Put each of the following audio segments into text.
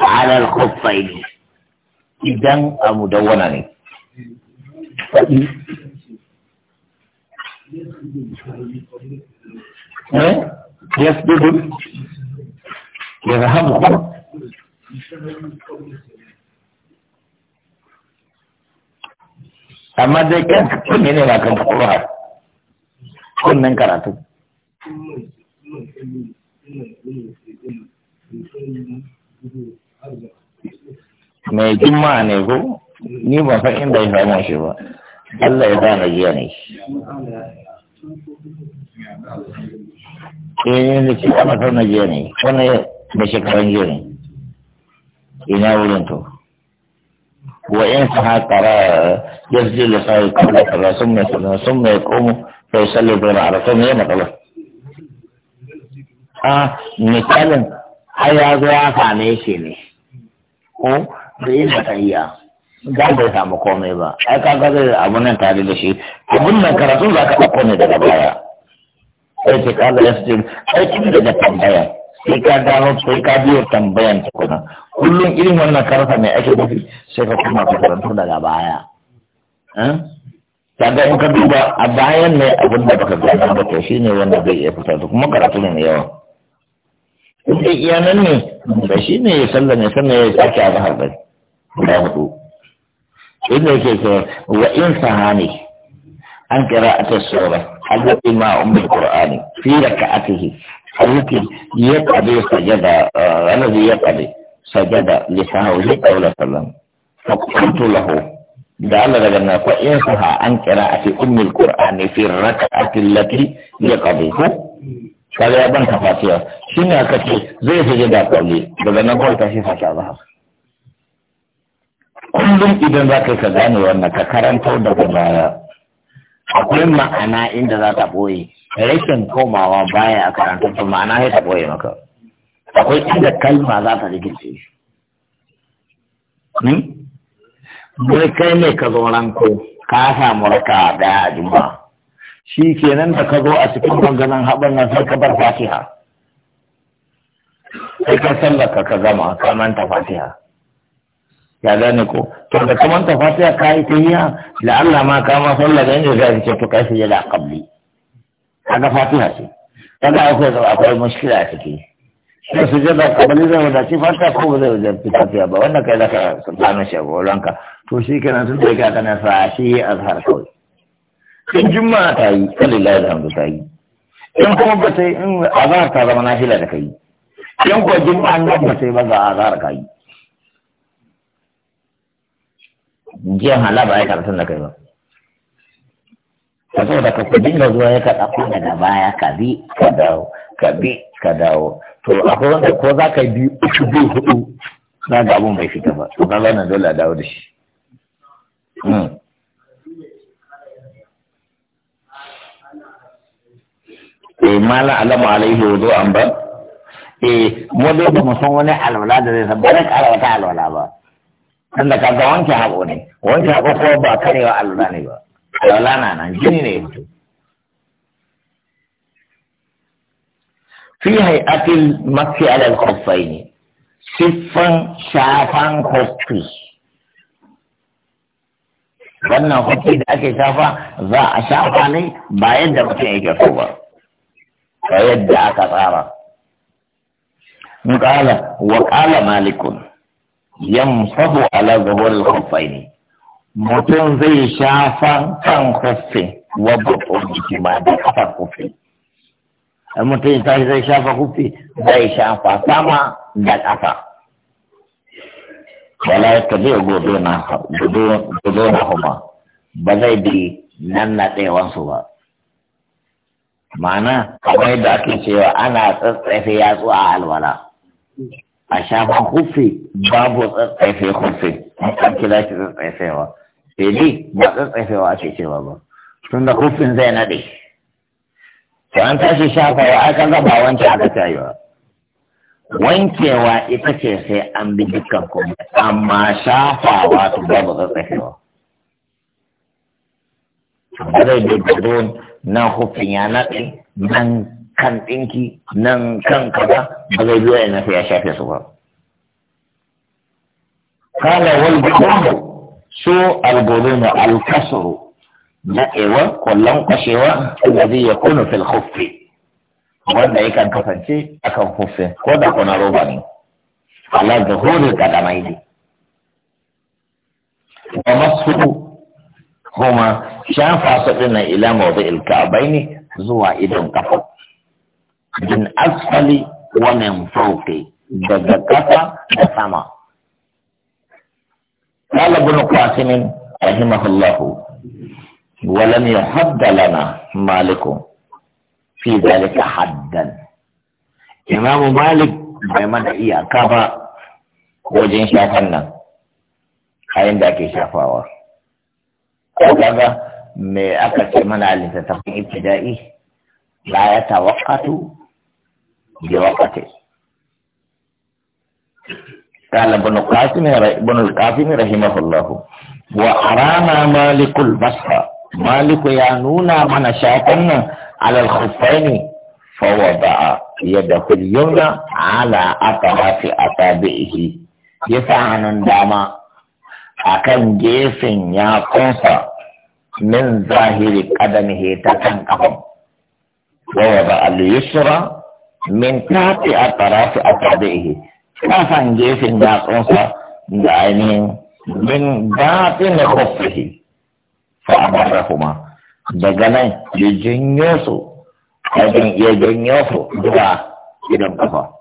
على الخفين إذن أمدونني يسجد يذهب amma dai kan kunne ne ba kan kuma kunnen karatu Thank mai jimma ne ko ni ba fa inda ya samu shi ba Allah ya sa jiya ne eh ne ce ana sa jiya ne wannan da shekaran jiya ne ina wurin to wa in sa haƙara yasji da sai kawai kaza sun mai sallah sun mai komo sai sallah bai ma'ara sai mai matsala a ah, misalin har ya zo ya same shi ne ko da yin matsayiya iya da bai samu komai ba ai ka ga zai abu nan tare da shi abun nan karatu za ka ɗauko ne daga baya sai ce ka zai su ai kin daga tambaya sai ka gano sai ka biyo tambayan tukuna kullum irin wannan karasa mai ake nufi sai ka kuma ka karanta daga baya eh? ga in ka duba a bayan ne abin da baka gano ba to shine wanda zai iya fitar kuma karatu ne yawa in dai iya nan ne da shi ne ya sallame sannan ya sake a zahar bai guda hudu inda yake cewa wa in sahani an qira'atus sura allati ma ummul qur'ani fi rak'atihi allati yaqdi sajada ranar alladhi yaqdi sajada li sahwihi qawla sallam fa qultu lahu da Allah daga na ko in saha an qira'ati ummul qur'ani fi raka rak'ati allati yaqdi kaga ya banta fasiya shi ne aka ce zai fi da kwalle daga nan kawai tashi fata za kullum idan za ka yi ka gane wannan ka karanta daga baya akwai ma'ana inda za ta boye rashin komawa baya a karanta to ma'ana sai ta boye maka akwai inda kalma za ta rikice shi hmm? Wai kai ne ka zo ranko ka samu raka daya a juma'a shi kenan da ka zo a cikin bangaren haɓar nan sai ka bar fatiha sai ka sallaka ka gama ka manta fatiha ya gane ko to da ka manta fatiha ka yi tahiya la Allah ma ka ma sallaka da za ka ce to kai sai da kabli, kaga fatiha ce kaga akwai akwai mushkila a ciki sai su je da kabli zai wadaci fatiha ko ba zai wadaci fatiha ba wannan kai zaka sultana shi a to shi kenan tun da ka kana sa shi azhar kawai in juma'a ta yi lai da hamdu ta yi in kuma ba sai in za ta zama nafila da kai in ko juma'a nan ba sai ba za a za ka yi jiyan hala ba ya karatun da kai ba ka saboda ka ku dinga zuwa ya ka ko daga baya ka bi ka dawo ka bi ka dawo to akwai wanda ko za ka bi uku bi hudu na ga abun bai fita ba to ka na dole a dawo da shi hmm. eh mala alamu alaihi wudu an ba eh mu dai ba wani alwala da zai san ba zai kara wata alwala ba dan da kaga wanke hako ne wanke hako ko ba karewa alwala ne ba alwala na nan jini ne yanzu fi hay'atil makki ala al-khuffaini siffan shafan kofi. wannan hukki da ake shafa za a shafa ne ba yadda mutum yake so ba ba yadda aka tsara malikun yan sabo ala zuhur al الخفين mutum zai shafa kan kufi wadda jiki ma da kafar kufi mutum zai shafa kufi zai shafa sama da kafa wala ya zai gobe na gobe na kuma ba zai bi nan na tsayawansu ba ma'ana kamar yadda ake cewa ana tsatsaife yatsu a alwala a shafan hufi babu tsatsaife hufi an kira shi tsatsaifewa sai eh, dai ba tsatsaifewa ake cewa ba tun da hufin zai naɗe to an tashi shafawa aka zaba wancan aka tayewa wankewa ita ce sai an bi dukkan kuma amma shafawa su babu tsatsakewa zai da gudun nan hufin ya naɗe nan kan ɗinki nan kan kaza ba zai biyo ya nafi ya shafe su ba kala wal gudu su algodun alkasuru na ewa kwallon kwashewa zai ya kuna fil hufi wanda yakan kasance akan hufin ko da kuna roba ne ala zuhurin kadamai ne wa masu kuma shafa su dinnan ila mawdu'il ka'bai ne zuwa idon kafa din asfali wa min fawqi daga kafa da sama قال ابن قاسم رحمه الله ولم يحد لنا مالك fi zalika haddan imamu malik bai mana iyaka ba wajen shafan nan kayan da ake shafawa kaga me aka ce mana littattafan ibtida'i la ya tawaqqatu bi waqti قال ابن القاسم ابن القاسم رحمه الله وأرانا مالك البصرة مالك يا نونا من شاكنا على الخفين فوضع يده اليمنى على أطراف أصابعه يسعن داما أكن جيف يا قنصة من ظاهر قدمه تتنقهم ووضع اليسرى من تحت أطراف أصابعه كفن جيف يا قنصة من باطن خفه فأمرهما daga nan ya janyo su ya janyo su zuwa gidan kafa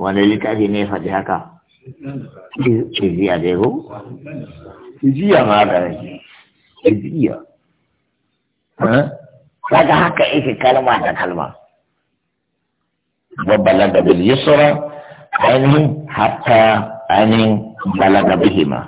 wani littafi ne faɗi haka iziya dai ko iziya ma da rai iziya kaga haka ike kalma da kalma وبلغ a أن balaga bihima, بلغ بهما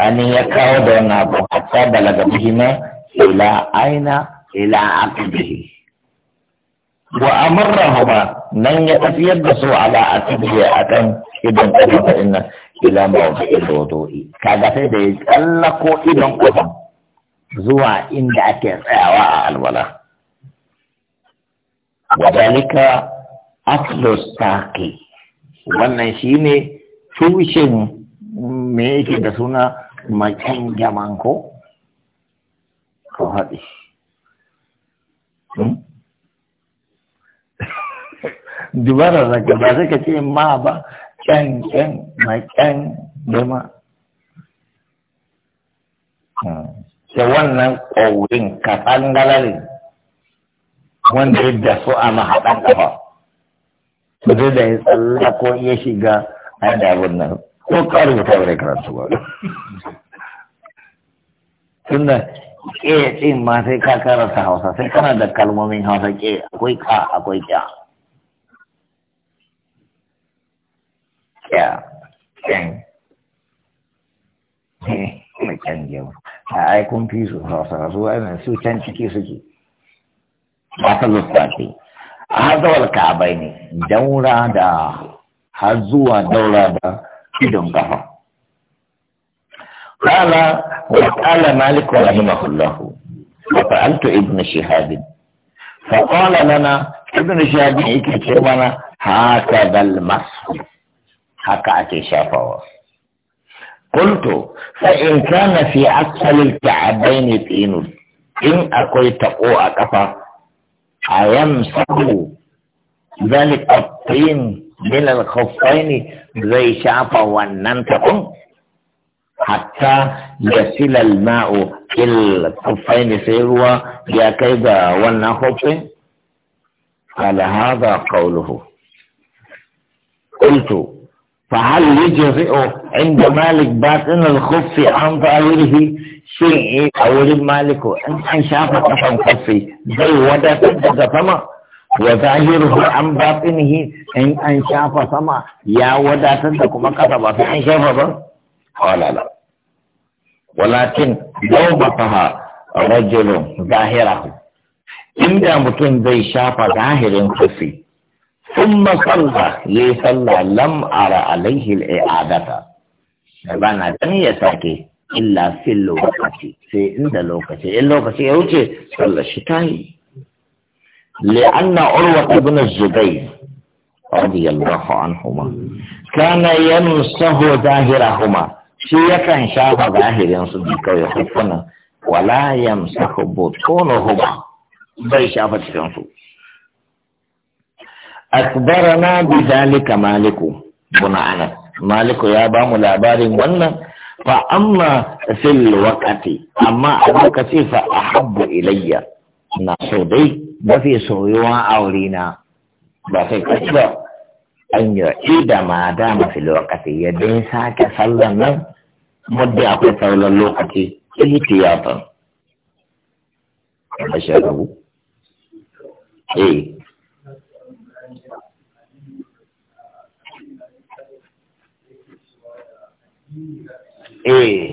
أن يكاو دون أبو حتى balaga bihima. ila aina ila aqibihi wa amarrahuma nan ya tafiyar da su ala aqibihi akan idan kafa inna ila mawdi'il wudu'i kaga sai da ya tsallako idan uba zuwa inda ake tsayawa a alwala wadalika aslu saqi wannan shine tushen me yake da suna makan jaman ko ko haɗe hmm? dubara na ba sai ka ce ma ba can can ma can dama hmm. Sai wannan ƙaurin kasan galarin wanda ya so a mahaɗan ƙafa zai da ya tsalla ko ya shiga a yadda abin nan ko ƙarin ta wuri karatu ba tunda ke eh, ce ma sai ka karanta hausa sai kana da kalmomin hausa ke akwai ka akwai kya kya kyan eh, mai kyan gyau a aikun fi su hausa su wani su can ciki suke ba ta ce. a hazawar ka bai ne daura da har zuwa daura da idon kafa قال وقال مالك رحمه الله وفعلت ابن شهاب فقال لنا ابن شهاب يكتبنا هكذا المسح هكا أتشافه قلت فإن كان في أسفل الكعبين طين إن أكوي تقوى كفا أيمسح ذلك الطين من الخفين زي شافه وننتقم حتى yasila الماء في الخفين kuffaini يا ruwa ya kai ga هذا قوله قلت فهل يجرئ عند مالك باطن الخف عن ظاهره شيء أو مالك أن شاف قسم خفي زي ودا تبدا سما وظاهره عن باطنه إن أن شاف سما يا ودا تبدا كما كتب في أن شاف قال لا walakin daubataha رجل ظاهره inda mutum zai شاف ظاهر خفي ثم صلى يصلى لم أرى عليه الإعادة سبحان الذي ساكي إلا في الوقت في عند الوقت الوقت يوتي صلى الشتاي لأن عروة بن الزبير رضي الله عنهما كان يمسه ظاهرهما shi yakan shafa zahirin su bi kawai hukunan wala tono hubu bai shafa cikin su akbarana bi zalika maliku buna ana maliku ya ba mu labarin wannan fa amma fil waqati amma a lokaci fa ahabbu ilayya na so dai mafi soyuwa na, ba sai kashi ba an yi da ma fi lokaci ya dai sake sallan nan muddin akwai sallan lokaci ihtiyatan a eh eh